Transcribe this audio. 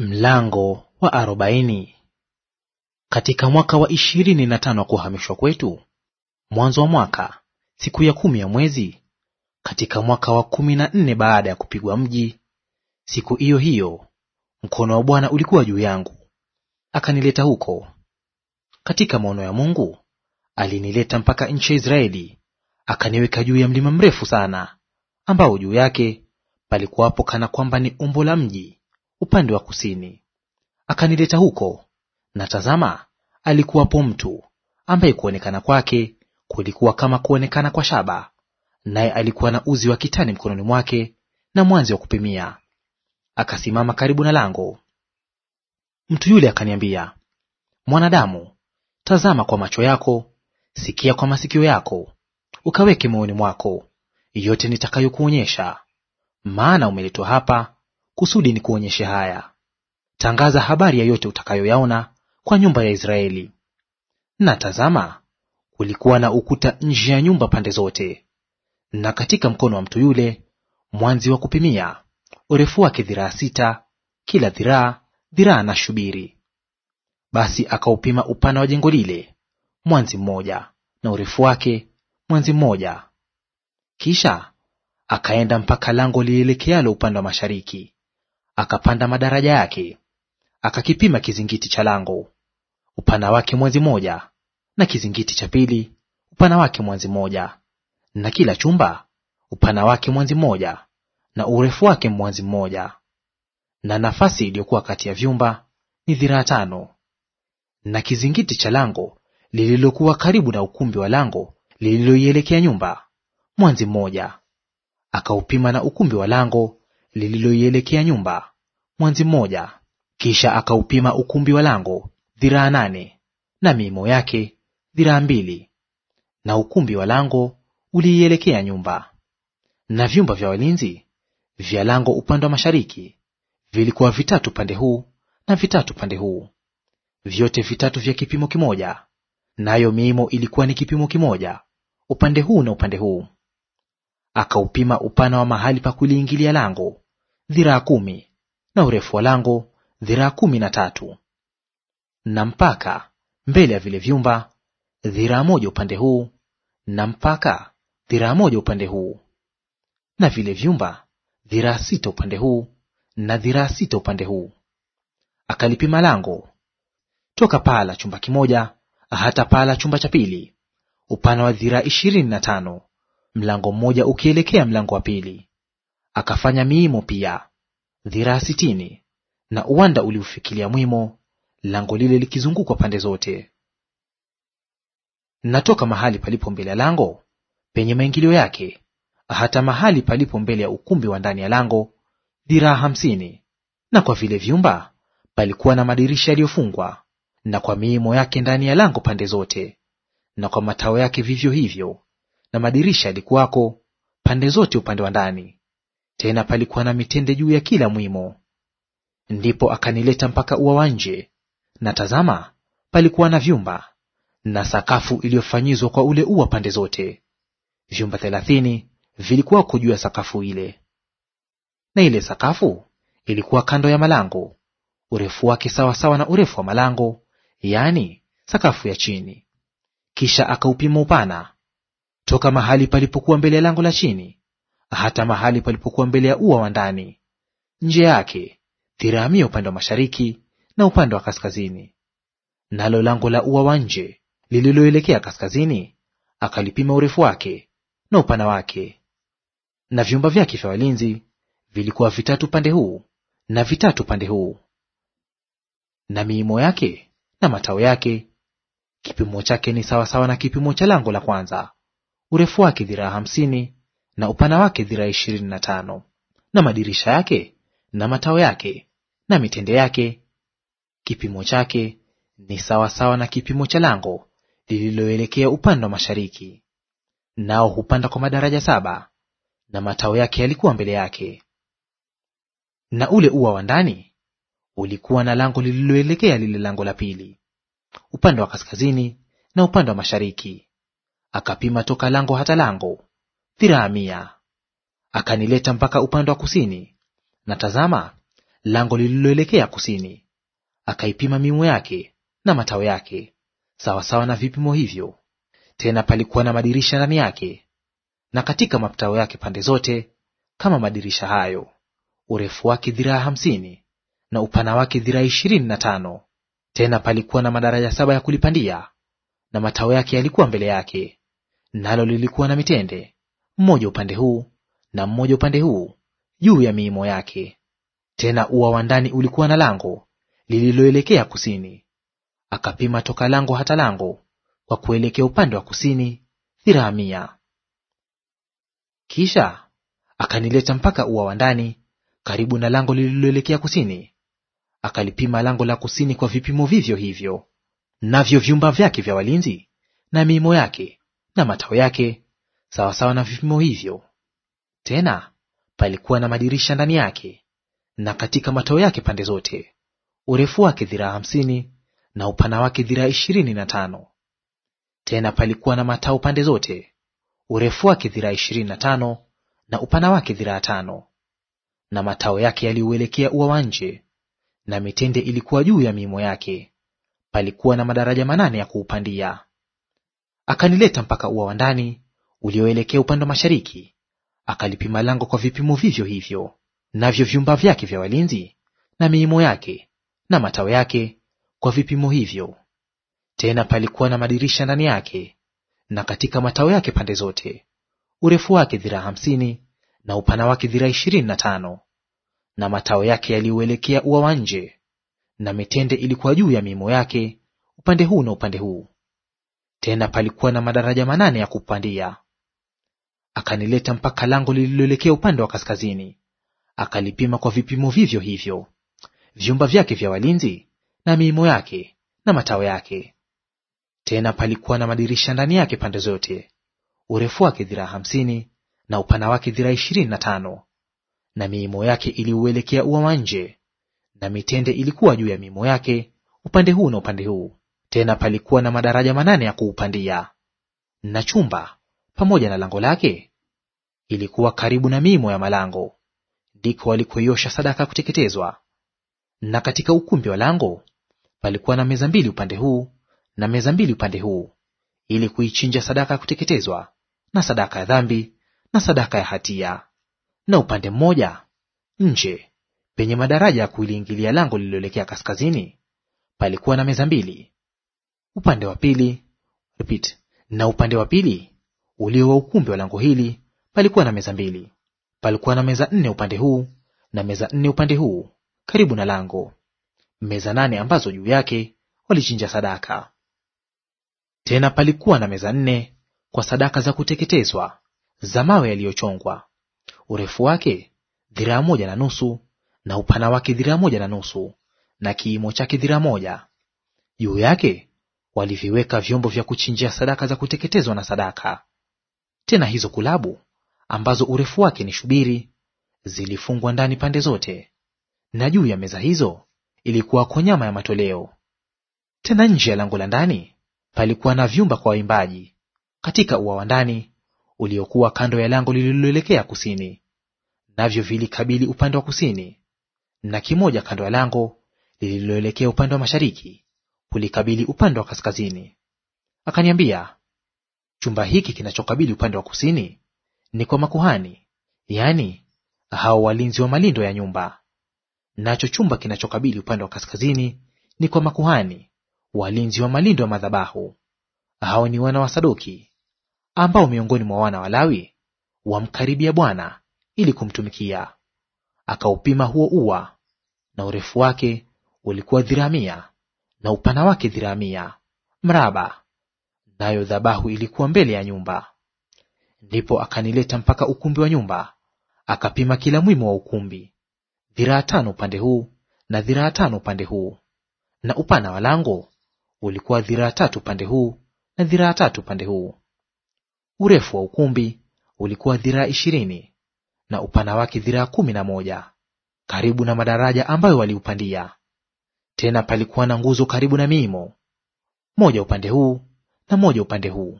Mlango wa arobaini. Katika mwaka wa ishirini na tano wa kuhamishwa kwetu, mwanzo wa mwaka, siku ya kumi ya mwezi, katika mwaka wa kumi na nne baada ya kupigwa mji, siku hiyo hiyo, mkono wa Bwana ulikuwa juu yangu, akanileta huko katika maono ya Mungu. Alinileta mpaka nchi ya Israeli, akaniweka juu ya mlima mrefu sana, ambao juu yake palikuwapo kana kwamba ni umbo la mji upande wa kusini. Akanileta huko, na tazama, alikuwapo mtu ambaye kuonekana kwake kulikuwa kama kuonekana kwa shaba, naye alikuwa na uzi wa kitani mkononi mwake na mwanzi wa kupimia. Akasimama karibu na lango. Mtu yule akaniambia, Mwanadamu, tazama kwa macho yako, sikia kwa masikio yako, ukaweke moyoni mwako yote nitakayokuonyesha, maana umeletwa hapa kusudi ni kuonyeshe haya. Tangaza habari ya yote utakayoyaona kwa nyumba ya Israeli. Na tazama, kulikuwa na ukuta nje ya nyumba pande zote, na katika mkono wa mtu yule mwanzi wa kupimia, urefu wake dhiraa sita, kila dhiraa dhiraa na shubiri. Basi akaupima upana wa jengo lile mwanzi mmoja, na urefu wake mwanzi mmoja. Kisha akaenda mpaka lango lielekealo upande wa mashariki, akapanda madaraja yake, akakipima kizingiti cha lango upana wake mwanzi moja, na kizingiti cha pili upana wake mwanzi moja, na kila chumba upana wake mwanzi mmoja na urefu wake mwanzi mmoja, na nafasi iliyokuwa kati ya vyumba ni dhiraa tano. Na kizingiti cha lango lililokuwa karibu na ukumbi wa lango lililoielekea nyumba mwanzi mmoja, akaupima na ukumbi wa lango lililoielekea nyumba mwanzi mmoja. Kisha akaupima ukumbi wa lango dhiraa nane na miimo yake dhiraa mbili, na ukumbi wa lango uliielekea nyumba. Na vyumba vya walinzi vya lango upande wa mashariki vilikuwa vitatu pande huu na vitatu pande huu, vyote vitatu vya kipimo kimoja, nayo miimo ilikuwa ni kipimo kimoja upande huu na upande huu akaupima upana wa mahali pa kuliingilia lango dhiraa kumi na urefu wa lango dhiraa kumi na tatu na mpaka mbele ya vile vyumba dhiraa moja upande huu na mpaka dhiraa moja upande huu na vile vyumba dhiraa sita upande huu na dhiraa sita upande huu. Akalipima lango toka paa la chumba kimoja hata paa la chumba cha pili, upana wa dhiraa ishirini na tano mlango mmoja ukielekea mlango wa pili. Akafanya miimo pia dhiraa sitini na uwanda uliufikilia mwimo, lango lile likizungukwa pande zote. Natoka mahali palipo mbele ya lango penye maingilio yake hata mahali palipo mbele ya ukumbi wa ndani ya lango dhiraa hamsini, na kwa vile vyumba palikuwa na madirisha yaliyofungwa, na kwa miimo yake ndani ya lango pande zote, na kwa matao yake vivyo hivyo, na madirisha yalikuwako pande zote upande wa ndani; tena palikuwa na mitende juu ya kila mwimo. Ndipo akanileta mpaka ua wa nje, na tazama, palikuwa na vyumba na sakafu iliyofanyizwa kwa ule ua pande zote; vyumba thelathini vilikuwako juu ya sakafu ile. Na ile sakafu ilikuwa kando ya malango, urefu wake sawasawa na urefu wa malango, yaani sakafu ya chini. Kisha akaupima upana toka mahali palipokuwa mbele ya lango la chini hata mahali palipokuwa mbele ya ua wa ndani, nje yake dhiraa mia upande wa mashariki na upande wa kaskazini. Nalo lango la ua wa nje lililoelekea kaskazini akalipima urefu wake na upana wake. Na vyumba vyake vya walinzi vilikuwa vitatu pande huu na vitatu pande huu. Na miimo yake na matao yake, kipimo chake ni sawasawa na kipimo cha lango la kwanza urefu wake dhiraa hamsini na upana wake dhiraa ishirini na tano na madirisha yake na matao yake na mitende yake kipimo chake ni sawasawa na kipimo cha lango lililoelekea upande wa mashariki. Nao hupanda kwa madaraja saba, na matao yake yalikuwa mbele yake. Na ule ua wa ndani ulikuwa na lango lililoelekea lile lango la pili, upande wa kaskazini na upande wa mashariki akapima toka lango hata lango dhiraa mia. Akanileta mpaka upande wa kusini, na tazama, lango lililoelekea kusini. Akaipima miimo yake na matao yake sawasawa na vipimo hivyo. Tena palikuwa na madirisha ndani yake, na katika matao yake pande zote kama madirisha hayo. Urefu wake dhiraa hamsini na upana wake dhiraa ishirini na tano. Tena palikuwa na madaraja saba ya kulipandia, na matao yake yalikuwa mbele yake nalo lilikuwa na mitende mmoja upande huu na mmoja upande huu juu ya miimo yake. Tena ua wa ndani ulikuwa na lango lililoelekea kusini. Akapima toka lango hata lango kwa kuelekea upande wa kusini dhiraa mia. Kisha akanileta mpaka ua wa ndani karibu na lango lililoelekea kusini. Akalipima lango la kusini kwa vipimo vivyo hivyo, navyo vyumba vyake vya walinzi na miimo yake na matao yake sawasawa na vipimo hivyo. Tena palikuwa na madirisha ndani yake, na katika matao yake pande zote, urefu wake dhiraa hamsini na upana wake dhiraa ishirini na tano. Tena palikuwa na matao pande zote, urefu wake dhiraa ishirini na tano na upana wake dhiraa tano. Na matao yake yaliuelekea ua wa nje, na mitende ilikuwa juu ya miimo yake. Palikuwa na madaraja manane ya kuupandia. Akanileta mpaka ua wa ndani ulioelekea upande wa mashariki, akalipima lango kwa vipimo vivyo hivyo, navyo vyumba vyake vya walinzi na miimo yake na matao yake kwa vipimo hivyo. Tena palikuwa na madirisha ndani yake na katika matao yake pande zote, urefu wake dhiraa hamsini na upana wake dhiraa ishirini na tano na matao yake yaliuelekea ua wa nje, na mitende ilikuwa juu ya miimo yake upande huu na upande huu. Tena palikuwa na madaraja manane ya kupandia. Akanileta mpaka lango lililoelekea upande wa kaskazini, akalipima kwa vipimo vivyo hivyo, vyumba vyake vya walinzi na miimo yake na matao yake. Tena palikuwa na madirisha ndani yake pande zote, urefu wake dhiraa hamsini na upana wake dhiraa ishirini na tano na miimo yake iliuelekea ua wa nje, na mitende ilikuwa juu ya miimo yake upande huu na upande huu. Tena palikuwa na madaraja manane ya kuupandia, na chumba pamoja na lango lake ilikuwa karibu na mimo ya malango, ndiko walikoiosha sadaka ya kuteketezwa. Na katika ukumbi wa lango palikuwa na meza mbili upande huu na meza mbili upande huu, ili kuichinja sadaka ya kuteketezwa na sadaka ya dhambi na sadaka ya hatia. Na upande mmoja nje penye madaraja ya kuliingilia lango lililoelekea kaskazini palikuwa na meza mbili upande wa pili repeat, na upande wa pili ulio wa ukumbi wa lango hili palikuwa na meza mbili. Palikuwa na meza nne upande huu na meza nne upande huu karibu na lango, meza nane ambazo juu yake walichinja sadaka. Tena palikuwa na meza nne kwa sadaka za kuteketezwa za mawe yaliyochongwa, urefu wake dhiraa moja na nusu na upana wake dhiraa moja na nusu na kiimo chake dhiraa moja. Juu yake waliviweka vyombo vya kuchinjia sadaka za kuteketezwa na sadaka. Tena hizo kulabu ambazo urefu wake ni shubiri zilifungwa ndani pande zote, na juu ya meza hizo ilikuwako nyama ya matoleo. Tena nje ya lango la ndani palikuwa na vyumba kwa waimbaji katika ua wa ndani uliokuwa kando ya lango lililoelekea kusini, navyo vilikabili upande wa kusini, na kimoja kando ya lango lililoelekea upande wa mashariki, kulikabili upande wa kaskazini. Akaniambia, chumba hiki kinachokabili upande wa kusini ni kwa makuhani, yaani hao walinzi wa malindo ya nyumba, nacho chumba kinachokabili upande wa kaskazini ni kwa makuhani, walinzi wa malindo ya madhabahu. Hao ni wana wa Sadoki ambao miongoni mwa wana wa Lawi wamkaribia Bwana ili kumtumikia. Akaupima huo ua, na urefu wake ulikuwa dhiraa mia na upana wake dhiraa mia mraba, nayo dhabahu ilikuwa mbele ya nyumba. Ndipo akanileta mpaka ukumbi wa nyumba, akapima kila mwimo wa ukumbi, dhiraa tano upande huu na dhiraa tano upande huu, na upana wa lango ulikuwa dhiraa tatu upande huu na dhiraa tatu upande huu. Urefu wa ukumbi ulikuwa dhiraa ishirini na upana wake dhiraa kumi na moja, karibu na madaraja ambayo waliupandia. Tena palikuwa na nguzo karibu na miimo, moja upande huu na moja upande huu.